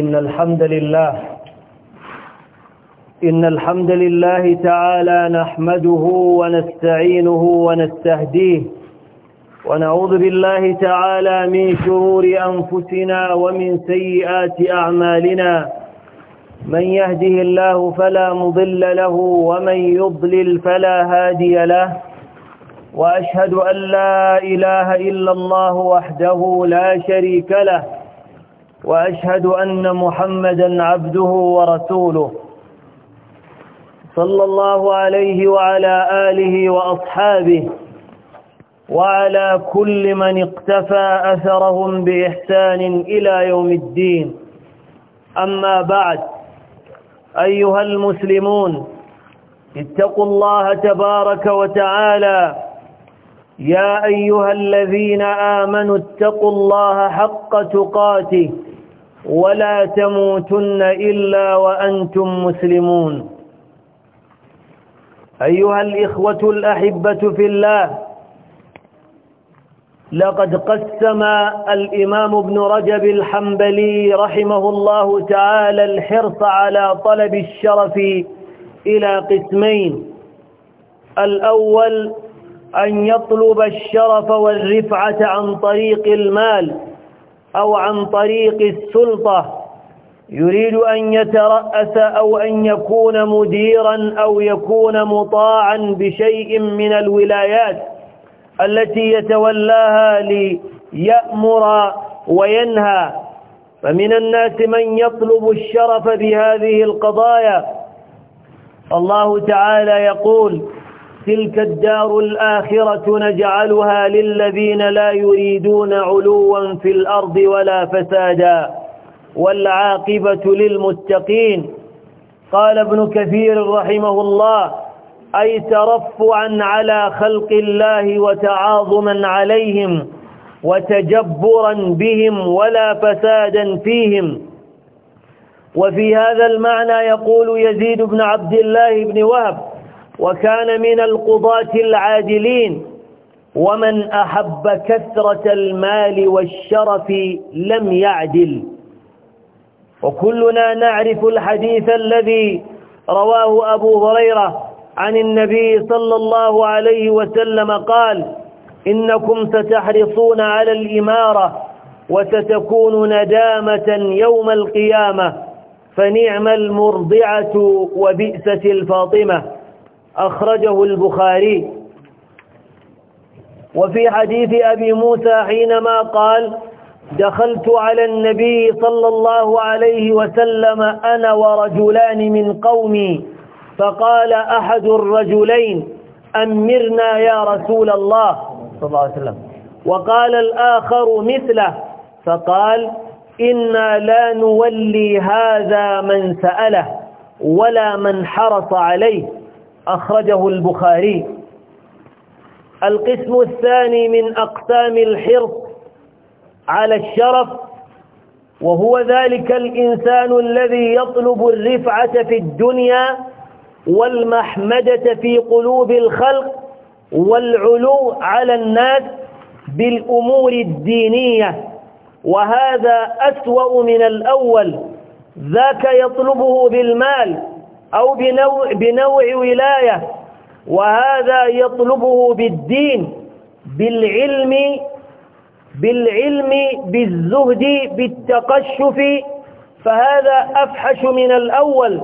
إن الحمد لله إن الحمد لله تعالى نحمده ونستعينه ونستهديه ونعوذ بالله تعالى من شرور أنفسنا ومن سيئات أعمالنا من يهده الله فلا مضل له ومن يضلل فلا هادي له وأشهد أن لا إله إلا الله وحده لا شريك له وأشهد أن محمدا عبده ورسوله صلى الله عليه وعلى آله وأصحابه وعلى كل من اقتفى أثرهم بإحسان إلى يوم الدين أما بعد أيها المسلمون اتقوا الله تبارك وتعالى يا أيها الذين آمنوا اتقوا الله حق تقاته ولا تموتن إلا وأنتم مسلمون أيها الإخوة الأحبة في الله لقد قسم الإمام ابن رجب الحنبلي رحمه الله تعالى الحرص على طلب الشرف إلى قسمين الأول أن يطلب الشرف والرفعة عن طريق المال أو عن طريق السلطة يريد أن يترأس أو أن يكون مديرا أو يكون مطاعا بشيء من الولايات التي يتولاها ليأمر وينهى فمن الناس من يطلب الشرف بهذه القضايا الله تعالى يقول تلك الدار الآخرة نجعلها للذين لا يريدون علوا في الأرض ولا فسادا والعاقبة للمتقين قال ابن كثير رحمه الله أي ترفعا على خلق الله وتعاظما عليهم وتجبرا بهم ولا فسادا فيهم وفي هذا المعنى يقول يزيد بن عبد الله بن وهب وكان من القضاة العادلين ومن أحب كثرة المال والشرف لم يعدل وكلنا نعرف الحديث الذي رواه أبو هريرة عن النبي صلى الله عليه وسلم قال إنكم ستحرصون على الإمارة وستكون ندامة يوم القيامة فنعم المرضعة وبئسة الفاطمة أخرجه البخاري وفي حديث أبي موسى حينما قال دخلت على النبي صلى الله عليه وسلم أنا ورجلان من قومي فقال أحد الرجلين أمرنا يا رسول الله صلى الله عليه وسلم وقال الآخر مثله فقال إنا لا نولي هذا من سأله ولا من حرص عليه أخرجه البخاري القسم الثاني من أقسام الحرص على الشرف وهو ذلك الإنسان الذي يطلب الرفعة في الدنيا والمحمدة في قلوب الخلق والعلو على الناس بالأمور الدينية وهذا أسوأ من الأول ذاك يطلبه بالمال أو بنوع, بنوع ولاية وهذا يطلبه بالدين بالعلم بالعلم بالزهد بالتقشف فهذا أفحش من الأول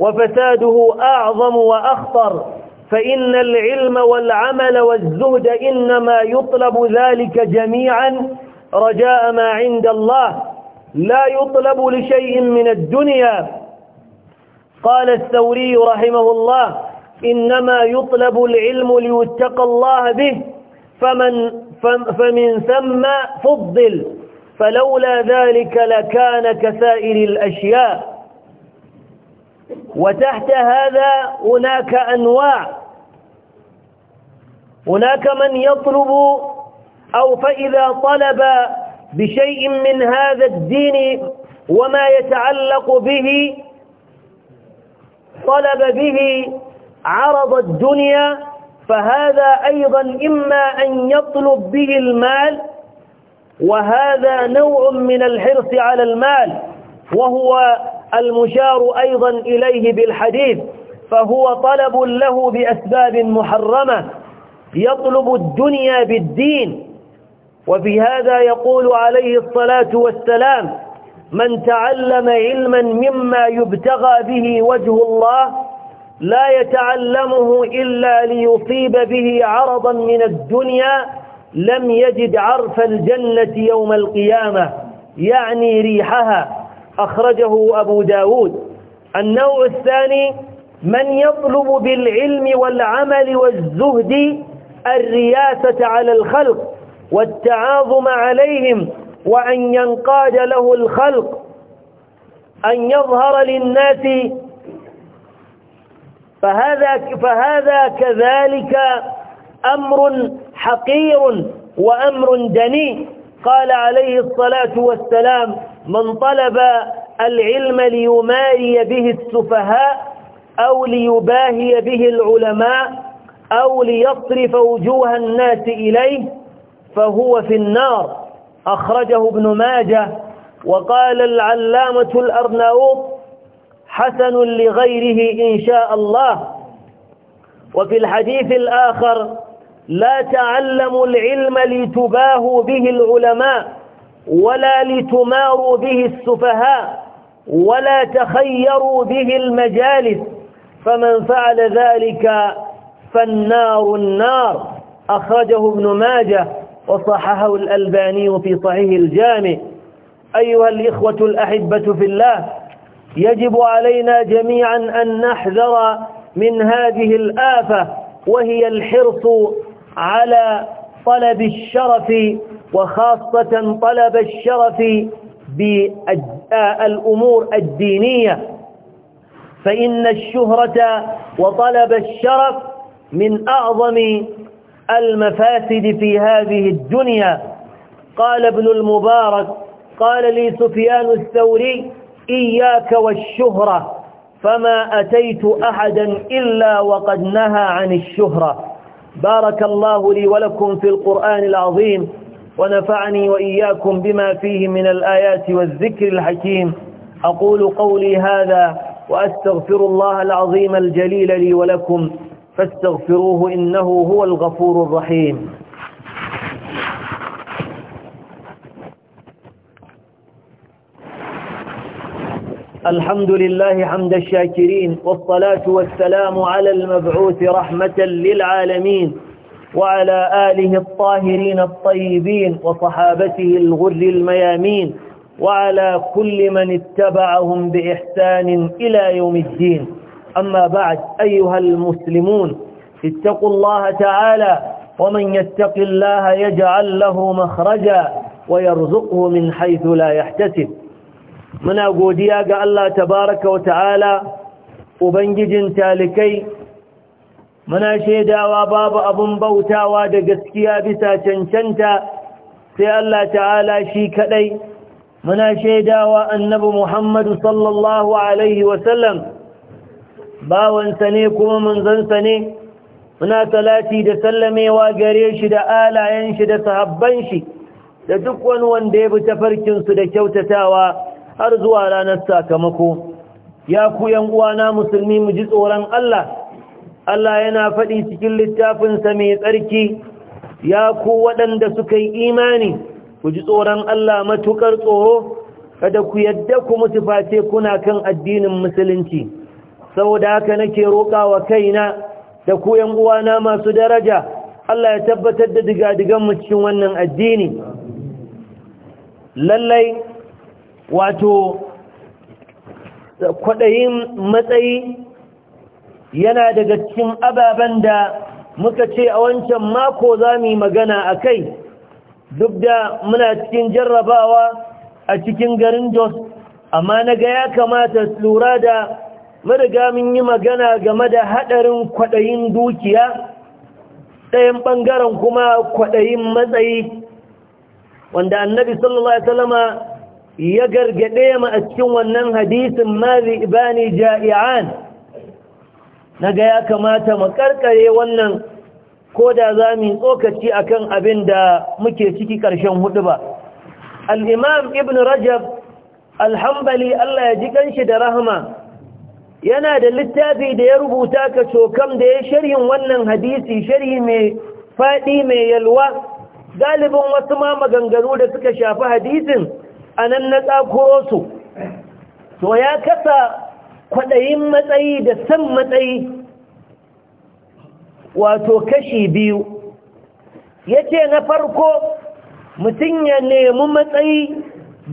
وفساده أعظم وأخطر فإن العلم والعمل والزهد إنما يطلب ذلك جميعا رجاء ما عند الله لا يطلب لشيء من الدنيا قال الثوري رحمه الله إنما يطلب العلم ليتقى الله به فمن فمن ثم فضل فلولا ذلك لكان كسائر الأشياء وتحت هذا هناك أنواع هناك من يطلب أو فإذا طلب بشيء من هذا الدين وما يتعلق به طلب به عرض الدنيا فهذا أيضا إما أن يطلب به المال وهذا نوع من الحرص على المال وهو المشار أيضا إليه بالحديث فهو طلب له بأسباب محرمة يطلب الدنيا بالدين وفي هذا يقول عليه الصلاة والسلام من تعلم علما مما يبتغى به وجه الله لا يتعلمه إلا ليصيب به عرضا من الدنيا لم يجد عرف الجنة يوم القيامة يعني ريحها أخرجه أبو داود النوع الثاني من يطلب بالعلم والعمل والزهد الرياسة على الخلق والتعاظم عليهم وأن ينقاد له الخلق أن يظهر للناس فهذا فهذا كذلك أمر حقير وأمر دني قال عليه الصلاة والسلام من طلب العلم ليماري به السفهاء أو ليباهي به العلماء أو ليصرف وجوه الناس إليه فهو في النار أخرجه ابن ماجه وقال العلامة الأرناؤوط حسن لغيره إن شاء الله وفي الحديث الآخر لا تعلموا العلم لتباهوا به العلماء ولا لتماروا به السفهاء ولا تخيروا به المجالس فمن فعل ذلك فالنار النار أخرجه ابن ماجه وصححه الألباني في صحيح الجامع أيها الإخوة الأحبة في الله يجب علينا جميعا أن نحذر من هذه الآفة وهي الحرص على طلب الشرف وخاصة طلب الشرف بالأمور الدينية فإن الشهرة وطلب الشرف من أعظم المفاسد في هذه الدنيا قال ابن المبارك قال لي سفيان الثوري إياك والشهرة فما أتيت أحدا إلا وقد نهى عن الشهرة بارك الله لي ولكم في القرآن العظيم ونفعني وإياكم بما فيه من الآيات والذكر الحكيم أقول قولي هذا وأستغفر الله العظيم الجليل لي ولكم فاستغفروه إنه هو الغفور الرحيم الحمد لله حمد الشاكرين والصلاة والسلام على المبعوث رحمة للعالمين وعلى آله الطاهرين الطيبين وصحابته الغر الميامين وعلى كل من اتبعهم بإحسان إلى يوم الدين أما بعد أيها المسلمون اتقوا الله تعالى ومن يتق الله يجعل له مخرجا ويرزقه من حيث لا يحتسب من أقودي أقال الله تبارك وتعالى أبنجج تالكي من أشهد وباب أبن بوتا ودقسكيا بسا تنشنتا في الله تعالى شيكتي من أشهد وأنب محمد صلى الله عليه وسلم bawansa ne kuma manzansa ne muna talati da sallamewa gare shi da alayen shi da sahabban shi da duk wani wanda ya bi tafarkinsu da kyautatawa har zuwa ranar sakamako ya ku yan uwana musulmi mu ji tsoron Allah Allah yana faɗi cikin littafinsa mai tsarki ya ku waɗanda suka yi imani ku ji tsoron Allah matukar tsoro kada ku yadda ku mutu face kuna kan addinin musulunci saboda haka nake roƙawa kaina da ku yan uwana masu daraja Allah ya tabbatar da digadigan mu cikin wannan addini lallai wato kwaɗayin matsayi yana daga cikin ababen da muka ce a wancan mako za mu yi magana a kai duk da muna cikin jarrabawa a cikin garin jos amma na ga ya kamata lura da mariga mun yi magana game da haɗarin kwaɗayin dukiya ɗayan ɓangaren kuma kwaɗayin matsayi wanda annabi sallallahu alaihi wasallama ya gargaɗe ma a cikin wannan hadisin mazi ibani ja'i'an naga ya kamata mu karkare wannan ko da za mu yi tsokaci a kan abin da muke ciki ƙarshen hudu ba al-imam ibn rajab alhambali Allah ya ji ƙanshi da rahama yana da littafi da ya rubuta ka cokam da ya sharhin wannan hadisi sharhi mai faɗi mai yalwa galibin wasu ma maganganu da suka shafi hadisin a nan na tsakuro su to ya kasa kwaɗayin matsayi da san matsayi wato kashi biyu ya ce na farko mutum ya nemi matsayi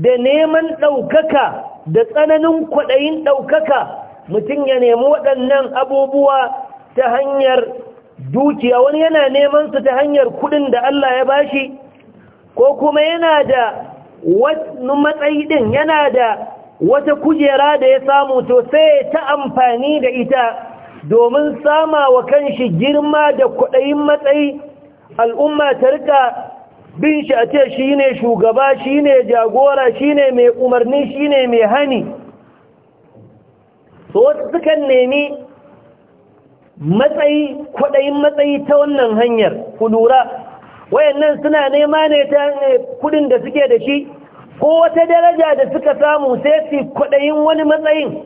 da neman ɗaukaka da tsananin kwaɗayin ɗaukaka mutum ya nemi waɗannan abubuwa ta hanyar dukiya wani yana neman su ta hanyar kudin da Allah ya bashi ko kuma yana da wani matsayi din yana da wata kujera da ya samu to sai ta amfani da ita domin sama wa kanshi girma da kudayin matsayi al'umma ta rika bin shi a ce shi ne shugaba shi ne jagora shi ne mai umarni shi ne mai hani to wasu sukan nemi matsayi kwaɗayin matsayi ta wannan hanyar ku lura wayannan suna nema ne ta kudin da suke da shi ko wata daraja da suka samu sai su kwaɗayin wani matsayin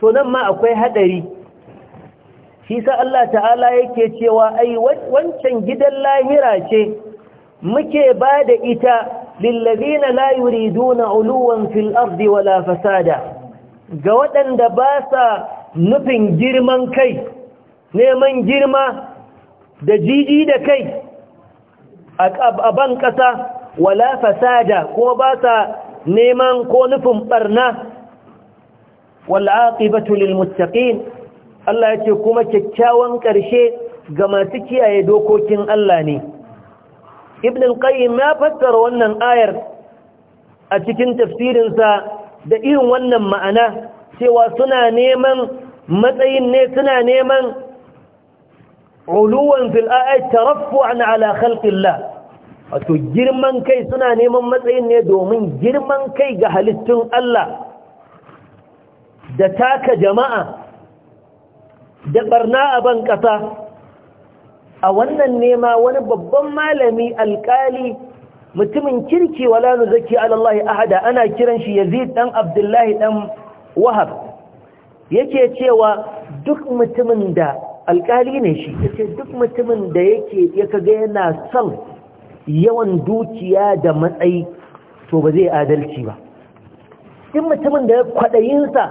to nan ma akwai haɗari shi sa Allah ta'ala yake cewa ai wancan gidan lahira ce muke ba da ita lillazina la yuriduna uluwan fil ardi wala fasada ga waɗanda ba sa nufin girman kai neman girma da jiji da kai a ban ƙasa wala fasada kuma ba sa neman ko nufin ɓarna wal'aƙibatu lilmuttaƙin Allah ya ce kuma kyakkyawan ƙarshe ga masu kiyaye dokokin Allah ne ibn al-qayyim ya fassara wannan ayar a cikin tafsirinsa da irin wannan ma'ana cewa suna neman matsayin ne suna neman uluwan fil tarafu taraffu'an ala khalqillah wato girman kai suna neman matsayin ne domin girman kai ga halittun Allah da taka jama'a da barna a ban ƙasa a wannan nema wani babban malami alƙali. mutumin kirki wala zaki ala Allah ahada ana kiran shi Yazid dan Abdullahi dan Wahab yake cewa duk mutumin da alkali ne shi yake duk mutumin da yake ya kaga yana son yawan dukiya da matsayi to ba zai adalci ba duk mutumin da kwadayinsa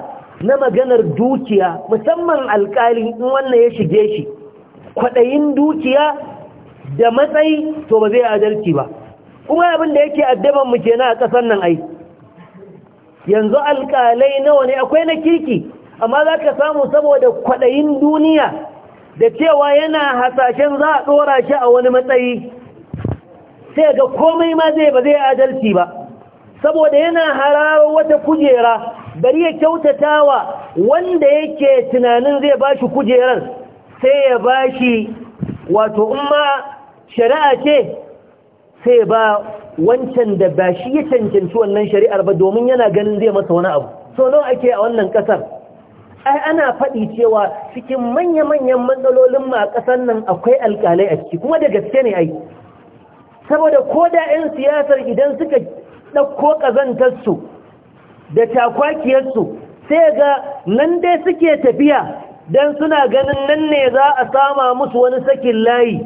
na maganar dukiya musamman alkali in wannan ya shige shi kwadayin dukiya da matsayi to ba zai adalci ba kuma abin da yake addaban mu kenan a ƙasar nan ai yanzu alƙalai nawa ne akwai na kirki amma za ka samu saboda kwaɗayin duniya da cewa yana hasashen za a ɗora shi a wani matsayi sai ga komai ma zai ba zai adalci ba saboda yana hararar wata kujera bari ya kyautata wanda yake tunanin zai ba shi kujerar sai ya ba shi wato umma shari'a ce sai ba wancan da ba shi ya cancanci wannan shari'ar ba domin yana ganin zai masa wani abu so nawa ake a wannan kasar ai ana faɗi cewa cikin manya-manyan matsalolin ma a ƙasar nan akwai alƙalai a ciki kuma da gaske ne ai saboda ko da 'yan siyasar idan suka ɗauko ƙazantarsu da takwakiyarsu sai ga nan dai suke tafiya don suna ganin nan ne za a sama musu wani sakin layi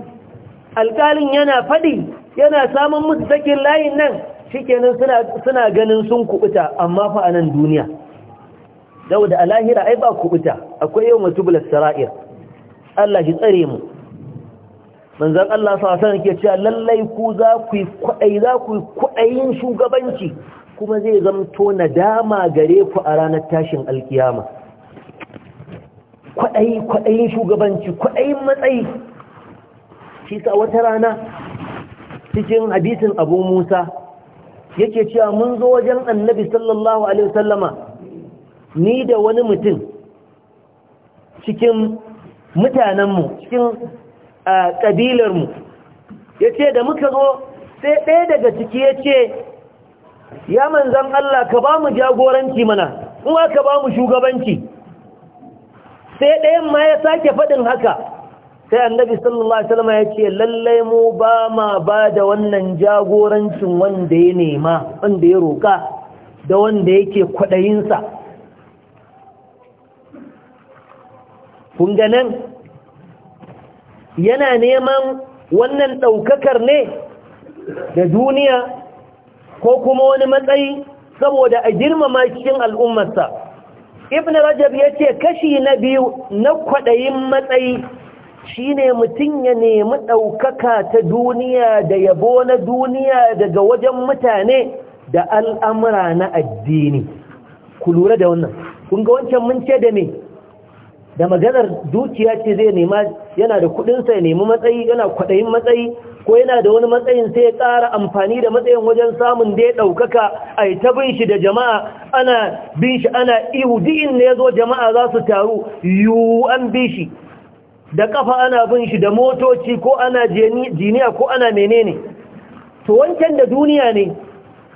alƙalin yana faɗi yana samun musu sakin layin nan shikenan suna suna ganin sun kubuta amma fa a nan duniya dauda a lahira ai ba kubuta akwai yau matubul sara'ir Allah shi tsare mu manzon Allah sa alaihi ke cewa lallai ku za ku kwaɗayi za ku kwaɗayin shugabanci kuma zai zamto dama gare ku a ranar tashin alkiyama kwaɗayi kwaɗayin shugabanci kwaɗayin matsayi shi sa wata rana cikin hadisin abu musa yake cewa mun zo wajen annabi sallallahu alaihi wasallama ni da wani mutum cikin mutanenmu cikin ƙabilarmu ya ce da muka zo sai ɗaya daga ciki ya ce ya manzan Allah ka ba mu jagoranci mana kuma ka ba mu shugabanci sai ɗayan ma ya sake faɗin haka sai annabi sallallahu alaihi wasallam ya ce lallai mu ba ma ba da wannan jagorancin wanda ya nema wanda ya roka da wanda yake sa kun yana neman wannan daukakar ne da duniya ko kuma wani matsayi saboda a girmama cikin al'ummarsa ibn rajab yace kashi na biyu na kwadayin matsayi Shi ne mutum ya nemi ɗaukaka ta duniya da yabo na duniya daga wajen mutane da al'amura na addini ku lura da wannan kun ga wancan mun ce da me da maganar dukiya ce zai nema yana da kudinsa ya nemi matsayi yana kwaɗayin matsayi ko yana da wani matsayin sai ya tsara amfani da matsayin wajen samun da ya ɗaukaka a yi ta bin shi da jama'a ana bin shi ana ihu di'in ne ya zo jama'a za su taru yiwu an bi shi da kafa ana bin shi da motoci ko ana jiniya ko ana menene to wancan da duniya ne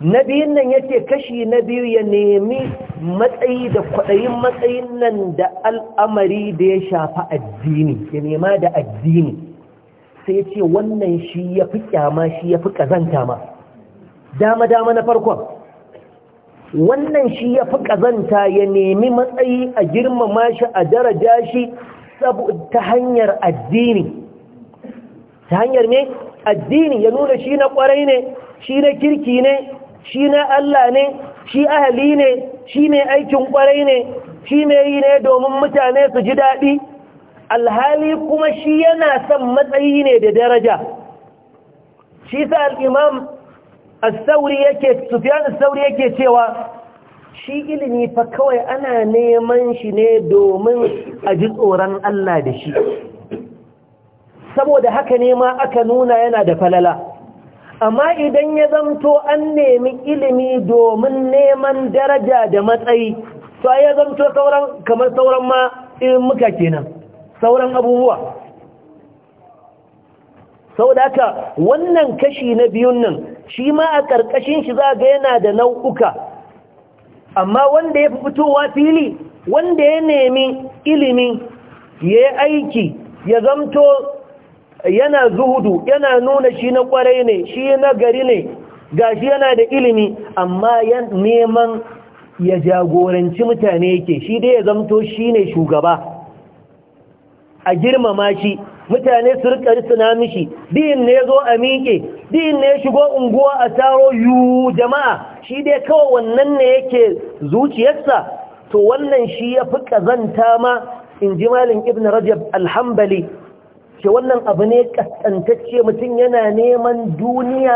na biyun nan ce kashi na biyu ya nemi matsayi da kwaɗayin matsayin nan da al'amari da ya shafa addini ya nema da addini sai ya ce wannan shi ya fi kyama shi ya fi ƙazanta ma dama-dama na farkon wannan shi ya fi ƙazanta ya nemi matsayi a girmama shi a daraja shi ta hanyar addini ta hanyar ne addini ya nuna shi na kwarai ne shi na kirki ne shi na Allah ne shi ahali ne shi ne aikin kwarai ne shi ne yi ne domin mutane su ji daɗi alhali kuma shi yana son matsayi ne da daraja shi sa al'imam sauri yake cewa shi ilimi fa kawai ana neman shi ne domin a ji tsoron Allah da shi saboda haka ne ma aka nuna yana da falala amma idan ya zamto an nemi ilimi domin neman daraja da matsayi to ya zamto sauran kamar sauran ma in muka kenan sauran abubuwa saboda haka wannan kashi na biyun nan shi ma a ƙarƙashin shi za ga yana da nau'uka amma wanda ya fi fitowa fili wanda ya nemi ilimi ya yi aiki ya zamto yana zuhudu yana nuna shi na kwarai ne shi na gari ne gashi yana da ilimi amma ya neman ya jagoranci mutane yake shi dai ya zamto shi ne shugaba a girmama shi mutane su rikari suna mishi din ne zo a miƙe din ne shigo unguwa a taro yu jama'a shi dai kawai wannan ne yake zuciyarsa to wannan shi ya fi ƙazanta ma in ji malin ibn rajab alhambali ke wannan abu ne ƙasƙantacce mutum yana neman duniya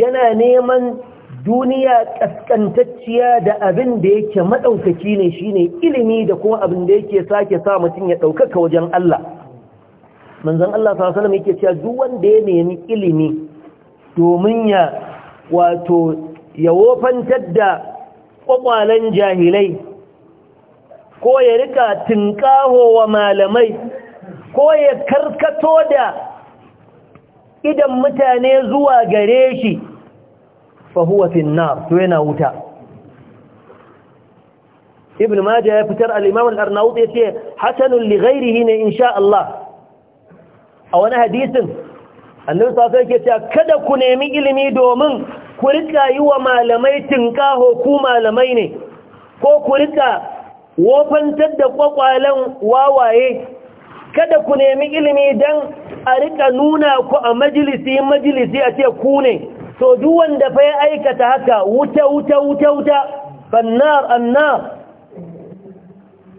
yana neman duniya ƙasƙantacciya da abin da yake maɗaukaki ne shine ilimi da kuma abin da yake sake sa mutum ya ɗaukaka wajen Allah manzan Allah sa alaihi yake cewa duk wanda ya nemi ilimi domin ya wato ya wofantar da ƙwaƙwalen jahilai ko ya rika tunƙaho wa malamai ko ya karkato da idan mutane zuwa gare shi fahuwa finnar to yana wuta ibn majah ya fitar al-imam al ce yace hasanun li in ne Allah a wani hadisin annabi sallallahu alaihi wasallam kada ku nemi ilimi domin ku rika yi wa malamai tinkaho ku malamai ne ko ku rika wofantar da kwakwalen wawaye kada ku nemi ilimi don a rika nuna ku a majalisi majalisi a ce ku ne to duk wanda fa ya aikata haka wuta wuta wuta wuta bannar annar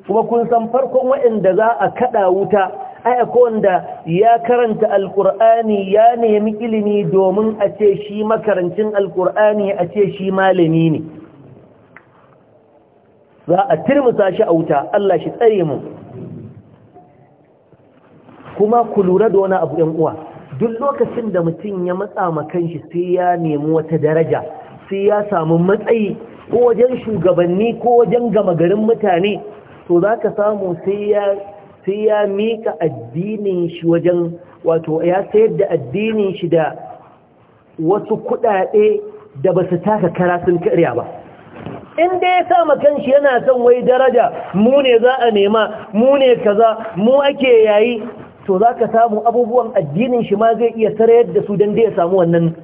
kuma kun san farkon waɗanda za a kada wuta aya ko wanda ya karanta alkur'ani ya nemi ilimi domin a ce shi makarancin alkur'ani a ce shi malami ne za a turmusa shi a wuta Allah shi tsare mu kuma ku lura da wani abu uwa duk lokacin da mutum ya matsa makan shi sai ya nemi wata daraja sai ya samu matsayi ko wajen shugabanni ko wajen gama garin mutane to za ka samu sai ya sai ya mika addinin shi wajen wato ya sayar da addinin shi da wasu kuɗaɗe da ba su taka kara sun karya ba in da ya sama kanshi yana son wai daraja mu ne za a nema mu ne kaza mu ake yayi to za ka samu abubuwan addinin shi ma zai iya sarayar da su don da ya samu wannan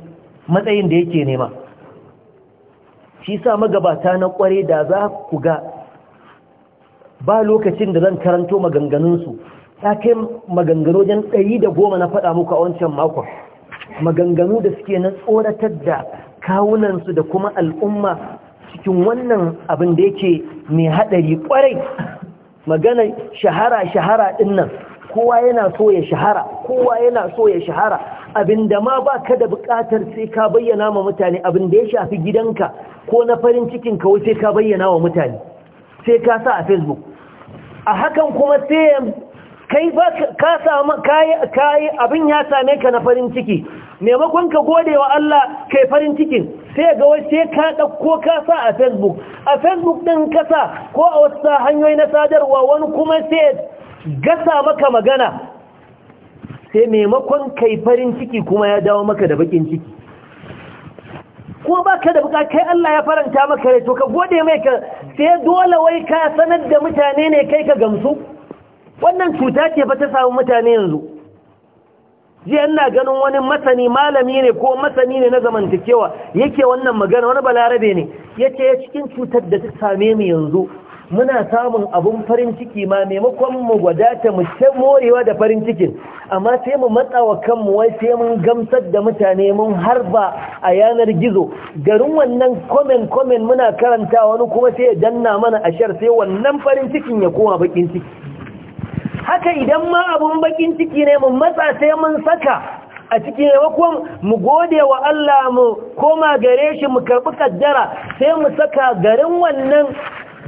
matsayin da yake nema shi sa magabata na kware da za ku ga ba lokacin da zan karanto maganganunsu ta kai maganganu wajen ɗari da goma na faɗa muku a wancan makon maganganu da suke na tsoratar da kawunansu da kuma al'umma cikin wannan abin da yake mai haɗari ƙwarai magana shahara-shahara ɗin nan kowa yana so ya shahara kowa yana so ya shahara Abin da ma ba ka da buƙatar sai ka bayyana ma mutane abin da ya shafi gidanka ko na farin cikinka kawai sai ka bayyana wa mutane sai ka sa a facebook a hakan kuma sai kai ka samu kai abin ya same ka na farin ciki maimakon ka gode wa Allah kai farin cikin sai ga sai ka ka kasa a facebook a facebook ɗin kasa ko a wasu hanyoyi na sadarwa wani kuma sai gasa maka magana sai maimakon kai farin ciki kuma ya dawo maka da bakin ciki ko ba ka da buka kai Allah ya faranta maka rai to ka gode mai ka sai dole wai ka sanar da mutane ne kai ka gamsu wannan cuta ce fa ta samu mutane yanzu jiya ina ganin wani masani malami ne ko masani ne na zamantakewa yake wannan magana wani balarabe ne yace ya cikin cutar da ta same mu yanzu muna samun abun farin ciki ma maimakon mu wadata mu ta morewa da farin cikin amma sai mu matsa wa kanmu wai sai mun gamsar da mutane mun harba a yanar gizo garin wannan komen komen muna karanta wani kuma sai ya danna mana ashar sai wannan farin cikin ya koma bakin ciki haka idan ma abun bakin ciki ne mun matsa sai mun saka a cikin yamakon mu gode wa Allah mu koma gare shi mu karɓi kaddara sai mu saka garin wannan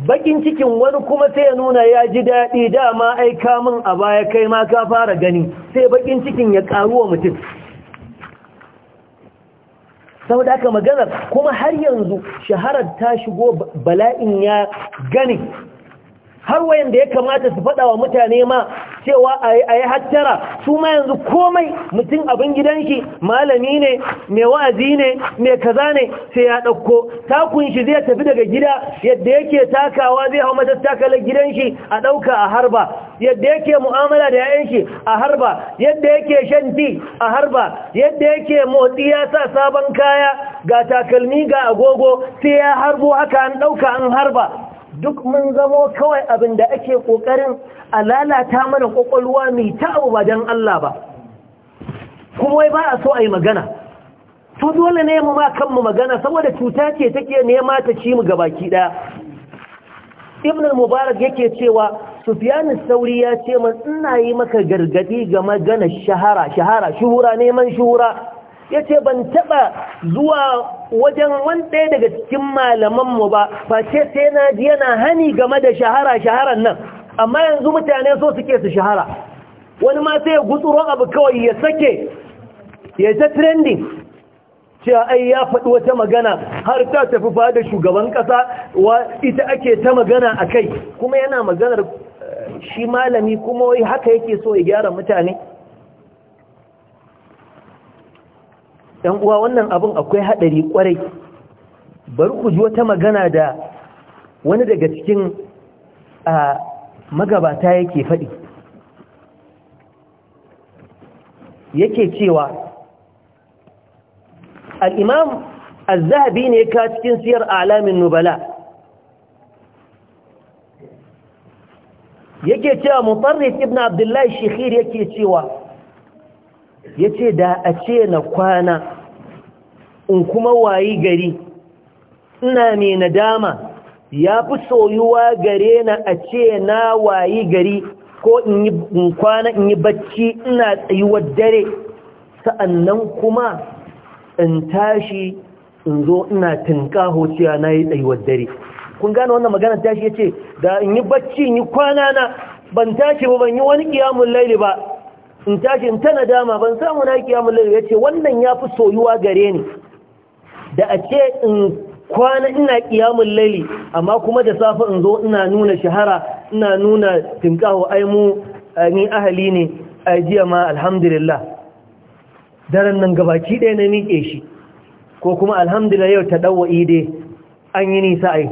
bakin cikin wani kuma sai ya nuna ya ji daɗi dama aika min a baya kai ma ka fara gani sai bakin cikin ya karuwa mutum saboda aka maganar kuma har yanzu shaharar ta shigo bala'in ya gani har wayanda ya kamata su faɗawa wa mutane ma cewa a yi hattara su ma yanzu komai mutum abin shi malami ne mai wa'azi ne mai kaza ne sai ya ɗauko takun shi zai tafi daga gida yadda yake takawa zai hau matattakalar gidanshi a ɗauka a harba yadda yake mu'amala da yayan shi a harba yadda yake shan ti a harba yadda yake motsi ya sa sabon kaya ga takalmi ga agogo sai ya harbo haka an ɗauka an harba duk mun zamo kawai abin da ake ƙoƙarin a lalata mana ƙwaƙwalwa mai ta abu ba don Allah ba kuma wai ba a so a yi magana to dole ne mu ma kanmu magana saboda cuta ce take nema ta ci mu gabaki ɗaya ibn mubarak yake cewa sufyan sauri ya ce mun ina yi maka gargadi ga magana shahara shahara shuhura neman shuhura ya ce ban taɓa zuwa wajen wanda ya daga cikin malaman mu ba face sai na ji yana hani game da shahara shaharar nan amma yanzu mutane so suke su shahara wani ma sai ya gutsuro abu kawai ya sake ya ta trending cewa ai ya faɗi wata magana har ta tafi fada shugaban ƙasa wa ita ake ta magana a kai kuma yana maganar eh, shi malami kuma wai haka yake so ya gyara mutane ‘yan uwa wannan abin akwai haɗari ƙwarai bari ku ji wata magana da wani daga cikin a magabata yake faɗi yake cewa al'imam al-zahabi ne ka cikin siyar alamin nubala yake cewa mutarrif ibn abdullahi shekhir yake cewa ya ce da a ce na kwana in kuma wayi gari ina mai nadama ya fi soyuwa gare na a ce na wayi gari ko in kwana in yi bacci ina tsayuwar dare sa'annan kuma in tashi in zo ina tunkaho cewa na yi tsayuwar dare kun gane wannan magana tashi ya ce da in yi bacci in yi kwana na ban tashi ba ban yi wani kiyamun laili ba in tashi in tana dama ban samu na kiyamun lalle ce wannan ya fi soyuwa gare ni da a ce in kwana ina kiyamun lalle amma kuma da safe in zo ina nuna shahara ina nuna tinkawo ai mu eh, ni ahali ne ai eh, jiya ma alhamdulillah daren nan gabaki ɗaya na miƙe shi ko kuma alhamdulillah yau ta ɗauwa ide an yi nisa ai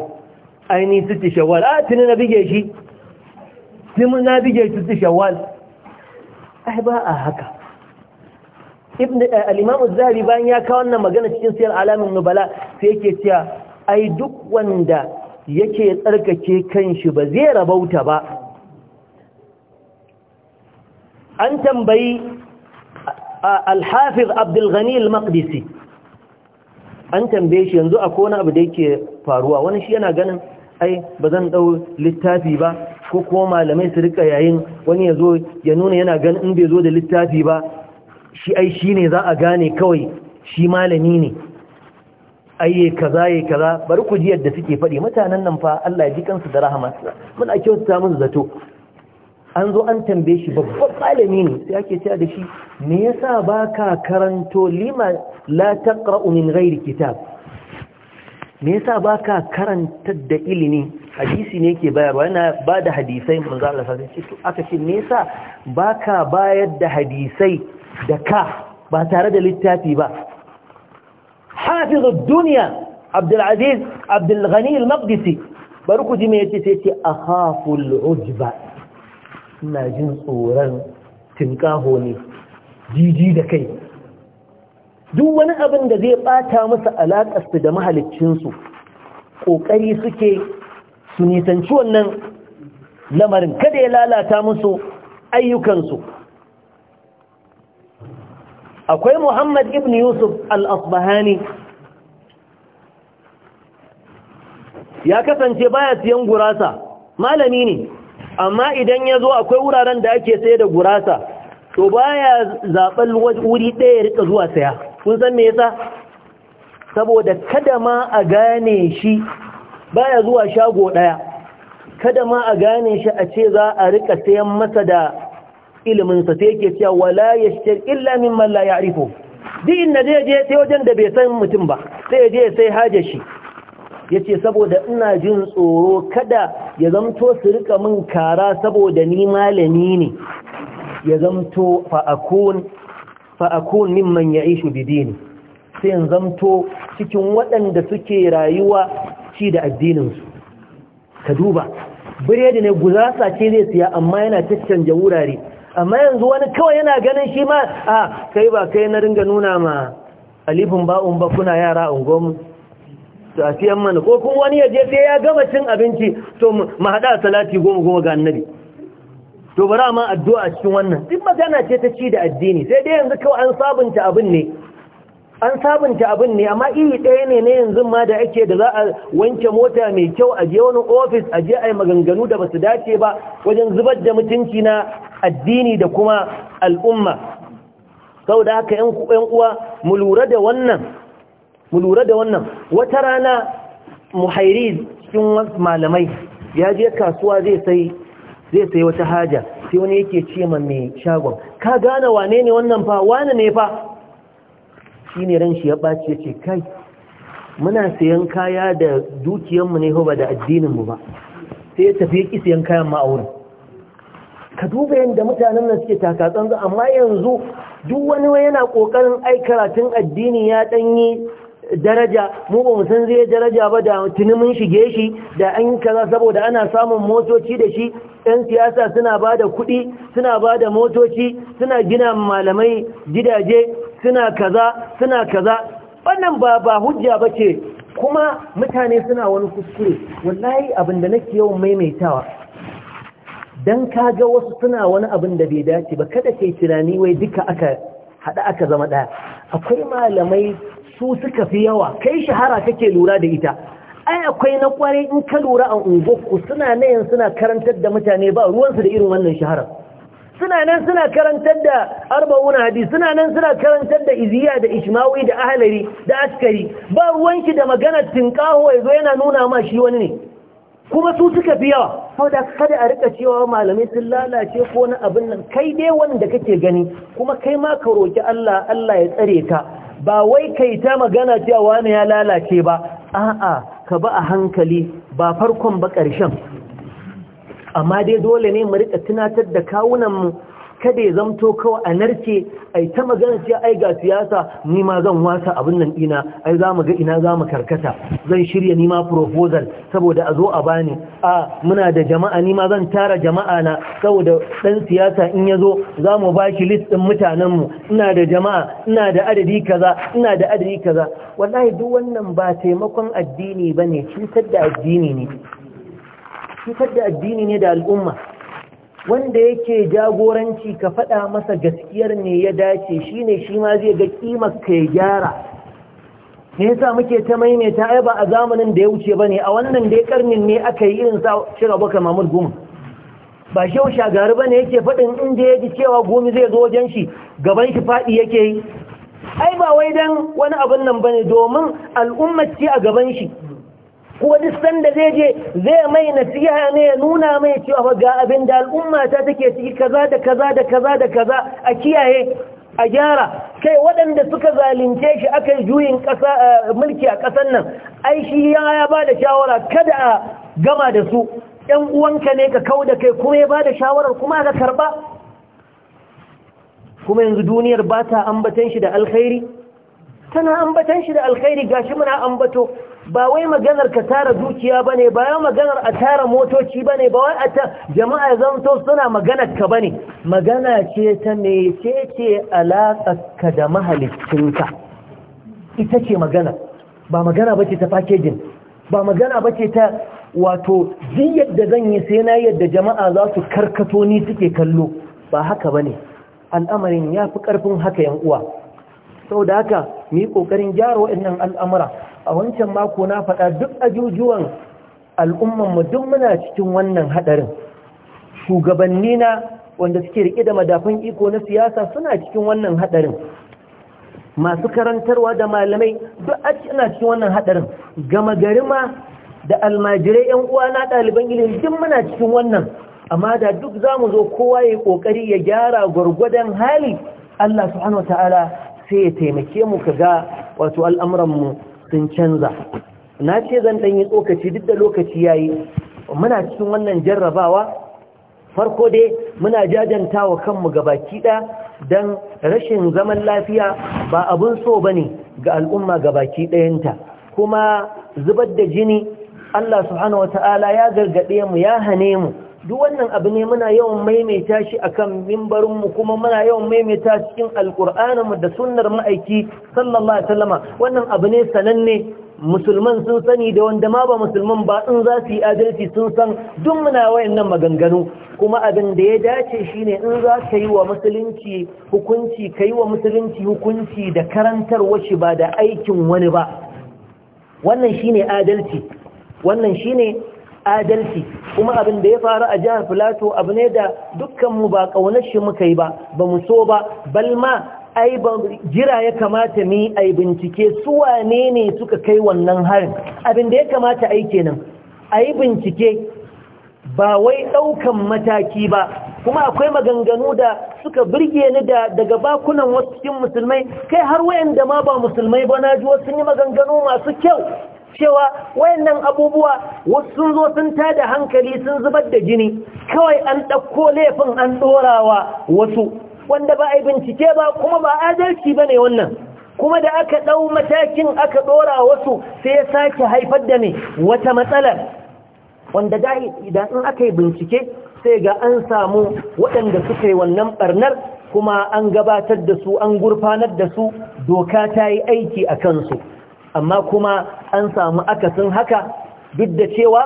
ai ni sitti shawal a tuni na bige shi tuni na bige sitti shawal ai ba a haka ibn eh, al-imam az bayan ya kawo wannan magana cikin siyar alamin Bala sai yake cewa ai duk wanda yake tsarkake kanshi ba zai rabauta ba an tambayi al-hafiz al-maqdisi an tambaye shi yanzu akwai wani abu da yake faruwa wani shi yana ganin ai ba zan dau littafi ba ko kuma malamai su rika yayin wani ya ya nuna yana ganin in bai zo da littafi ba shi ai shi ne za a gane kawai shi malami ne ai kaza ya kaza bari ku ji yadda suke faɗi mutanen nan fa Allah ya ji kansu da rahama ake wata musu zato an zo an tambaye shi babban malami ne sai ake cewa da shi me yasa baka karanto lima la taqra'u min ghairi kitab me yasa baka karanta da ilimi hadisi ne ke bayarwa yana ba da hadisai manzo Allah sai ce to aka ce me yasa baka bayar da hadisai da ka ba tare da littafi ba hafiz ad-dunya Abdul Aziz Abdul Ghani al-Maqdisi bari ku ji me yace sai ce akhafu al-ujba ina jin tsoron tinkaho ne jiji da kai duk wani abin da zai bata musu su da mahaliccinsu ƙoƙari suke su nisanci wannan lamarin kada ya lalata musu ayyukansu akwai muhammad ibn yusuf al-asbahani ya kasance baya siyan gurasa malami ne amma idan ya zo akwai wuraren da ake sai da gurasa to baya zaɓar wuri ɗaya ya rika zuwa saya kun san me yasa saboda kada ma a gane shi baya zuwa shago daya kada ma a gane shi a ce za a rika sayan masa da ilimin sa sai yake cewa wala yashtar illa mimman la ya'rifu duk inda zai je sai wajen da bai san mutum ba sai je sai haje shi yace saboda ina jin tsoro kada ya zamto su rika min kara saboda ni malami ne ya zamto fa akun fa'akun mimman ya ishu bidini sai in zamto cikin waɗanda suke rayuwa ci da addininsu ka duba biredi ne guzasa ce zai siya amma yana caccanja wurare amma yanzu wani kawai yana ganin shi ma a kai ba kai na ringa nuna ma alifin ba'un ba kuna yara a ungomu to a siyan mana ko kuma wani ya je sai ya gama cin abinci to mu haɗa salati goma goma ga annabi to bara ma addu'a cikin wannan duk magana ce ta ci da addini sai dai yanzu kawai an sabunta abin ne an sabunta abin ne amma iri ɗaya ne na yanzu ma da ake da za a wanke mota mai kyau a je wani ofis a je a maganganu da basu dace ba wajen zubar da mutunci na addini da kuma al'umma sau da haka ‘yan uwa mu lura da wannan wata rana muhairi cikin malamai ya je kasuwa zai sai zai sai wata haja sai wani yake ce ma mai shagon ka gane wane ne wannan fa wane ne fa shi ne ran shi ya ɓaci ya ce kai muna sayan kaya da dukiyanmu ne ba da addininmu ba sai ya tafi ya ƙi sayan kayan ma'aurin ka duba yadda mutanen nan suke takatsan amma yanzu duk wani yana ƙoƙarin ai karatun addini ya ɗanyi daraja mu ba mu san zai daraja ba da tuni mun shige shi da an kaza saboda ana samun motoci da shi yan siyasa suna ba da kuɗi suna ba da motoci suna gina malamai gidaje suna kaza suna kaza wannan ba ba hujja ba ce kuma mutane suna wani kuskure wallahi abin da nake yawan maimaitawa dan kaga wasu suna wani abin da bai dace ba kada kai tunani wai duka aka hada aka zama daya akwai malamai su suka fi yawa kai shahara kake lura da ita ai akwai na kware in ka lura a unguwarku suna nan suna karantar da mutane ba ruwansu da irin wannan shahara suna nan suna karantar da arba'un hadis suna nan suna karantar da iziya da ishmawi da ahlari da askari ba ruwanki da magana tinkaho yazo yana nuna ma shi wani ne kuma su suka fi yawa saboda kada a rika cewa malamai sun lalace ko na abin nan kai dai wanda kake gani kuma kai ma ka roki Allah Allah ya tsare ka ba wai kai ta magana cewa wani ya lalace ba a'a ka ba a hankali ba farkon ba ƙarshen amma dai dole ne mu rika tunatar da kawunan mu kada ya zamto kawai a narke ai ta magana ce ai ga siyasa ni ma zan wasa abin nan dina ai za mu ga ina za mu karkata zan shirya ni ma proposal saboda a zo a bani a muna da jama'a ni ma zan tara jama'a na saboda ɗan siyasa in ya zo za mu ba shi list din mutanen mu ina da jama'a ina da adadi kaza ina da adadi kaza wallahi duk wannan ba taimakon addini bane cutar da addini ne cutar da addini ne da al'umma wanda yake jagoranci ka faɗa masa gaskiyar ne ya dace shine shi ma zai ga kimar ka ya gyara me sa muke ta mai maimaita ai ba a zamanin da ya wuce ba ne, a wannan ya karnin ne aka yi irin sa shiga baka mamul goma ba shau shagari ya yake faɗin inda ya ji cewa gomi zai zo wajen shi gaban shi faɗi yake yi ai ba wai dan wani abin nan ba ne, domin al'ummar ce a gaban shi Kuwa duk sanda zai je zai mai nasiha ne ya nuna mai cewa ga abin da al'umma ta take ciki kaza da kaza da kaza da kaza a kiyaye a gyara kai waɗanda suka zalunce shi aka yi juyin eh, mulki a ƙasar nan ai shi ya ba da shawara kada a gama da su ‘yan uwanka ne ka kau da kai kuma ya ba da shawarar kuma ka karɓa kuma yanzu duniyar ba ta ambatan shi da alkhairi tana ambatan shi da alkhairi gashi muna ambato ba wai maganar ka tara dukiya bane ba wai maganar a tara motoci bane ba wai a jama'a jama'a zanto suna maganar ka bane magana ce ta mecece alaƙa ka da mahaliccinka ita ce magana ba magana bace ta packaging ba magana bace ta wato duk yadda zan yi sai na yadda jama'a za su karkato ni suke kallo ba haka bane al'amarin ya fi ƙarfin haka yan uwa Sau da haka muyi kokarin gyara waɗannan al'amura a wancan mako na faɗa duk ajujuwan al'umman mu duk muna cikin wannan hadarin shugabanni na wanda suke riƙe da madafan iko na siyasa suna cikin wannan hadarin masu karantarwa da malamai duk a cikin cikin wannan hadarin gama gari ma da almajirai yan uwa na ɗaliban ilimi duk muna cikin wannan amma da duk zamu zo kowa ya ƙoƙari ya gyara gwargwadon hali Allah subhanahu ta'ala. sai ya taimake mu ka ga wato al'amuran mu sun canza na ce zan ɗan yi tsokaci duk da lokaci ya yi muna cikin wannan jarrabawa farko dai muna jajanta wa kanmu ga baki ɗaya don rashin zaman lafiya ba abun so ba ne ga al'umma ga baki ɗayanta kuma zubar da jini Allah subhanahu wata'ala ya gargaɗe mu ya hane mu duk wannan abu ne muna yawan maimaita shi a kan mimbarinmu kuma muna yawan maimaita cikin alƙur'aninmu da sunnar ma'aiki sallallahu alaihi wannan abu ne sananne musulman sun sani da wanda ma ba musulman ba in za su yi adalci sun san duk muna wayannan maganganu kuma abin da ya dace shi ne in za ka yi wa musulunci hukunci ka yi wa musulunci hukunci da karantar shi ba da aikin wani ba wannan shi ne adalci wannan ne adalci kuma abin da ya faru a jihar filato abu ne da dukkanmu ba ƙaunar shi muka yi ba ba mu so ba balma ai ba jira ya kamata mu yi bincike su wane ne suka kai wannan harin abin da ya kamata ai kenan ai bincike ba wai ɗaukan mataki ba kuma akwai maganganu da suka birge ni da daga bakunan wasu cikin musulmai kai har wayan da ma ba musulmai ba na ji wasu yi maganganu masu kyau cewa wayannan abubuwa wasu sun zo sun tada hankali sun zubar da jini kawai an ɗauko laifin an ɗorawa wasu wanda ba a bincike ba kuma ba adalci ba ne wannan kuma da aka ɗau matakin aka ɗora wasu sai ya sake haifar da ne wata matsalar wanda idan in aka yi bincike sai ga an samu waɗanda suka yi wannan ɓarnar kuma an gabatar da su an gurfanar da su doka ta yi aiki a kansu amma kuma an samu akasin haka duk da cewa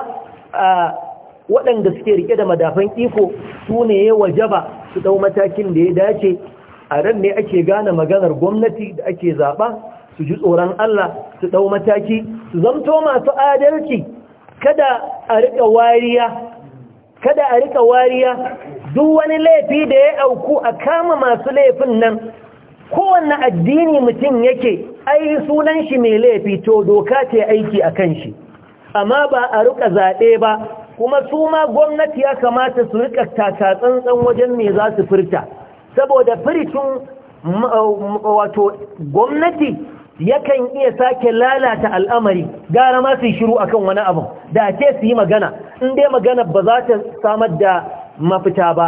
waɗanda suke rike da madafan iko su ne ya wajaba su ɗau matakin da ya dace a ran ne ake gane maganar gwamnati da ake zaɓa su ji tsoron Allah su ɗau mataki su zamto masu adalci kada a rika wariya kada a riƙa wariya duk wani laifi da ya auku a kama masu laifin nan kowanne addini mutum yake ai sunan shi mai laifi to doka ce aiki a kan shi amma ba a rika zaɓe ba kuma su ma gwamnati ya kamata su rika taka tsantsan wajen me za su furta saboda furtun wato gwamnati yakan iya sake lalata al'amari gara ma su shiru akan wani abu da ke su yi magana in dai magana ba za ta samar da mafita ba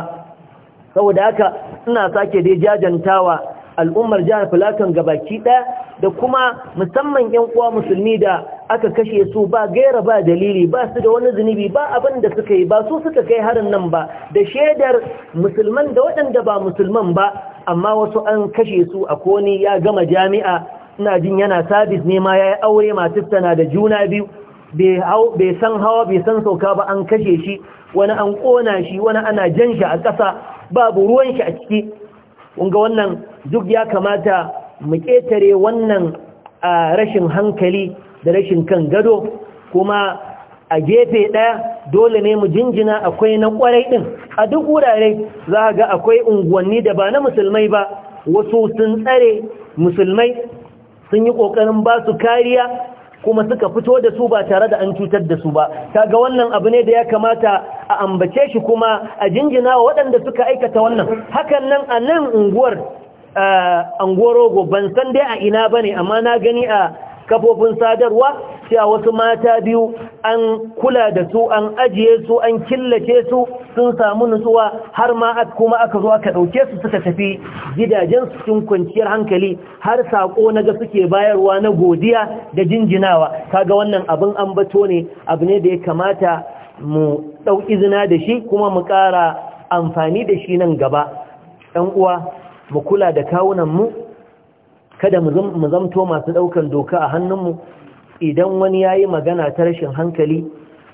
saboda haka ina sake dai jajantawa al'ummar jihar Filaton gabaki ɗaya da kuma musamman 'yan uwa musulmi da aka kashe su ba gaira ba dalili ba su da wani zunubi ba abin da suka yi ba su suka kai harin nan ba da shaidar musulman da waɗanda ba musulman ba amma wasu an kashe su a koni ya gama jami'a ina jin yana sabis ne ma ya yi aure masu na da juna biyu bai san hawa bai san sauka ba an kashe shi wani an kona shi wani ana jan shi a ƙasa babu ruwan shi a ciki unga wannan duk ya kamata mu ƙetare wannan rashin hankali da rashin kan gado kuma a gefe ɗaya dole ne mu jinjina akwai na ƙwarai ɗin a duk wurare za ga akwai unguwanni da ba na musulmai ba wasu sun tsare musulmai sun yi ƙoƙarin ba su kariya kuma suka fito da su ba tare da an cutar da su ba kaga wannan abu ne da ya kamata a ambace shi kuma a jinjina wa waɗanda suka aikata wannan hakan nan a nan unguwar angorogo ban san dai a ina bane amma na gani a kafofin sadarwa cewa wasu mata biyu an kula da su an ajiye su an killace su sun samu nutsuwa har ma kuma aka zo aka ɗauke su suka tafi gidajen su cikin kwanciyar hankali har sako na ga suke bayarwa na godiya da jinjinawa kaga wannan abin ambato ne abu ne da ya kamata mu ɗau izina da shi kuma mu ƙara amfani da shi nan gaba ɗan uwa mu kula da kawunan mu. kada mu zamto masu ɗaukan doka a hannunmu idan wani ya yi magana ta rashin hankali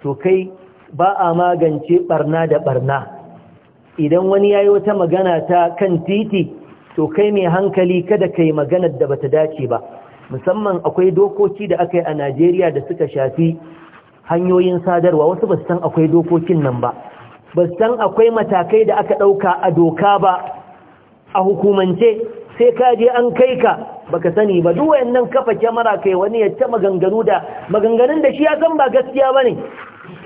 to kai ba a magance barna da barna idan wani ya yi wata magana ta kan titi to kai mai hankali kada kai maganar da bata dace ba musamman akwai dokoki da aka yi a Najeriya da suka shafi hanyoyin sadarwa wasu ba san akwai dokokin nan ba ba san akwai matakai da aka ɗauka a doka ba a hukumance sai ka je an kai ka baka sani ba duk wayannan kafa kyamara kai wani ya ta maganganu da maganganun da shi ya san ba gaskiya bane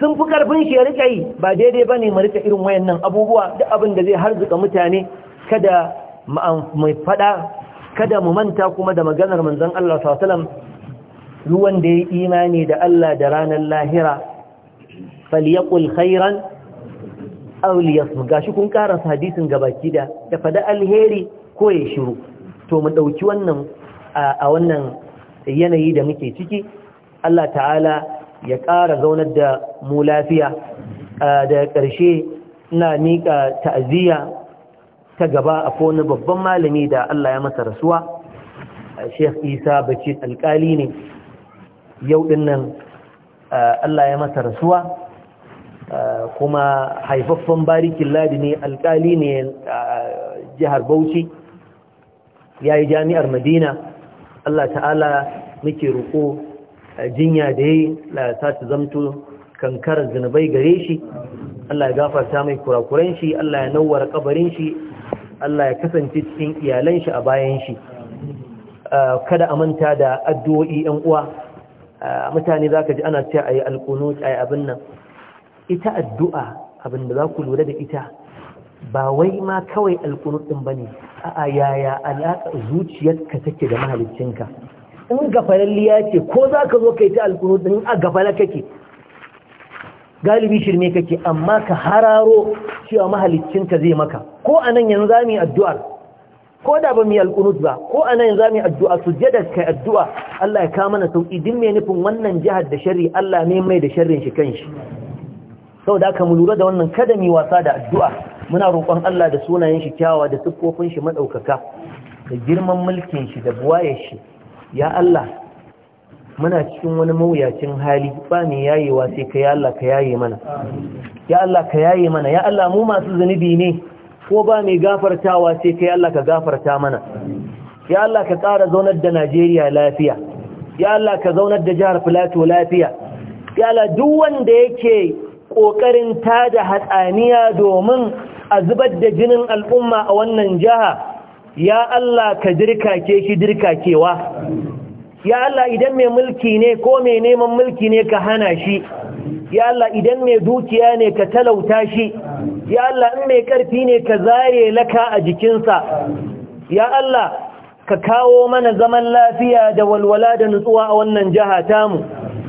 sun fi karfin shi ya rika yi ba daidai bane mu rika irin wayannan abubuwa duk abin da zai harzuka mutane kada mu fada kada mu manta kuma da maganar manzon Allah sallallahu alaihi wasallam ruwan da ya imani da Allah da ranar lahira falyaqul khairan aw gashi kun karanta hadisin gabaki da da fada alheri ko ya shiru to mu ɗauki wannan a wannan yanayi da muke ciki Allah ta'ala ya ƙara zaunar da mu lafiya da ƙarshe na miƙa ta'aziyya ta gaba a kone babban malami da Allah ya masa rasuwa Sheikh Isa Bacci alƙali ne yau dinnan Allah ya masa rasuwa kuma haifaffen barikin ladi ne alƙali ne jihar Bauchi ya yi jami'ar madina allah ta'ala muke roƙo jinya da yi laasa ta zamto karar zunubai gare shi allah ya gafarta mai kurakuren shi allah ya nauwar kabarin shi allah ya kasance cikin iyalan shi a bayan shi kada a manta da addu'o'i ‘yan uwa mutane za ka ji ana cewa ayi yi ayi abin nan ita addu'a abin da za ku lura da ita ba wai ma kawai alkunutun ba ne a yaya alaka zuciyarka take da mahaliccinka? in gafalalliya ce ko za ka zo kai ta alkunutun a gafala kake galibi shirme kake amma ka hararo cewa mahalicinka zai maka ko a nan yanzu za mu yi addu'ar ko da ba mu yi alkunut ba ko a nan yanzu za mu yi addu'a sujjada kai addu'a Allah ya kawo mana sauki din mai nufin wannan jihar da sharri Allah ne mai da sharrin shi kanshi saboda haka mu lura da wannan kada mu wasa da addu'a muna roƙon Allah da sunayen shi kyawa da siffofin shi madaukaka da girman mulkin shi da buwayar shi ya Allah muna cikin wani mawuyacin hali ba ne yayewa sai ka ya Allah ka yaye mana ya Allah ka yaye mana ya Allah mu masu zunubi ne ko ba mai gafartawa sai ka ya Allah ka gafarta mana ya Allah ka ƙara zaunar da Najeriya lafiya ya Allah ka zaunar da jihar Filato lafiya ya Allah duk wanda yake ƙoƙarin tada hatsaniya domin a zubar da jinin al'umma a wannan jiha ya Allah ka ke shi kewa. ya Allah idan mai mulki ne ko mai neman mulki ne ka hana shi ya Allah idan mai dukiya ne ka talauta shi ya Allah in mai ƙarfi ne ka zare laka a jikinsa ya Allah ka kawo mana zaman lafiya da walwala da nutsuwa a wannan jiha tamu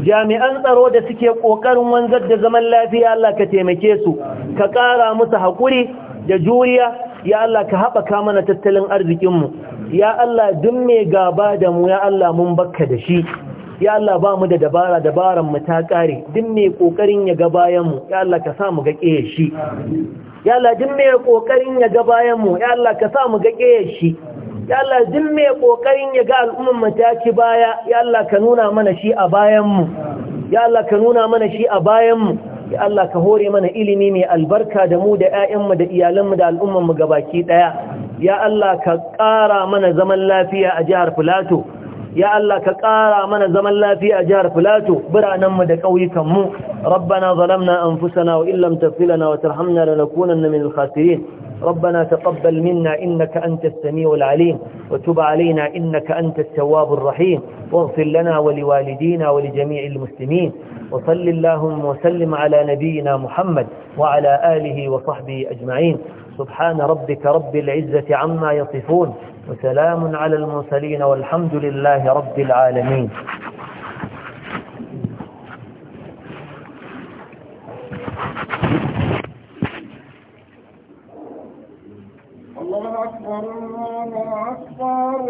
jami'an tsaro da suke ƙoƙarin wanzar da zaman lafiya Allah ka taimake su ka ƙara musu haƙuri da juriya ya Allah ka haɓaka mana tattalin arzikinmu ya Allah duk mai gaba da mu ya Allah mun bakka da shi ya Allah ba mu da dabara dabaran mu ta ƙare duk mai ƙoƙarin ya ga bayanmu ya Allah ka sa mu ga ƙeye shi ya Allah duk mai ƙoƙarin ya ga bayanmu ya Allah ka sa mu ga ƙeye shi ya Allah duk mai kokarin ya ga al'umman ta ci baya ya Allah ka nuna mana shi a bayan mu ya Allah ka nuna mana shi a bayan mu ya Allah ka hore mana ilimi mai albarka da mu da 'ya'yanmu da iyalanmu da al'ummanmu gabaki ɗaya ya Allah ka ƙara mana zaman lafiya a jihar Filato ya Allah ka ƙara mana zaman lafiya a jihar Filato biranenmu da ƙauyukanmu mu zalamna anfusana wa illam taghfir lana wa tarhamna lanakunanna minal khasirin ربنا تقبل منا إنك أنت السميع العليم وتب علينا إنك أنت التواب الرحيم واغفر لنا ولوالدينا ولجميع المسلمين وصل اللهم وسلم على نبينا محمد وعلى آله وصحبه أجمعين سبحان ربك رب العزة عما يصفون وسلام على المرسلين والحمد لله رب العالمين الله أكبر الله أكبر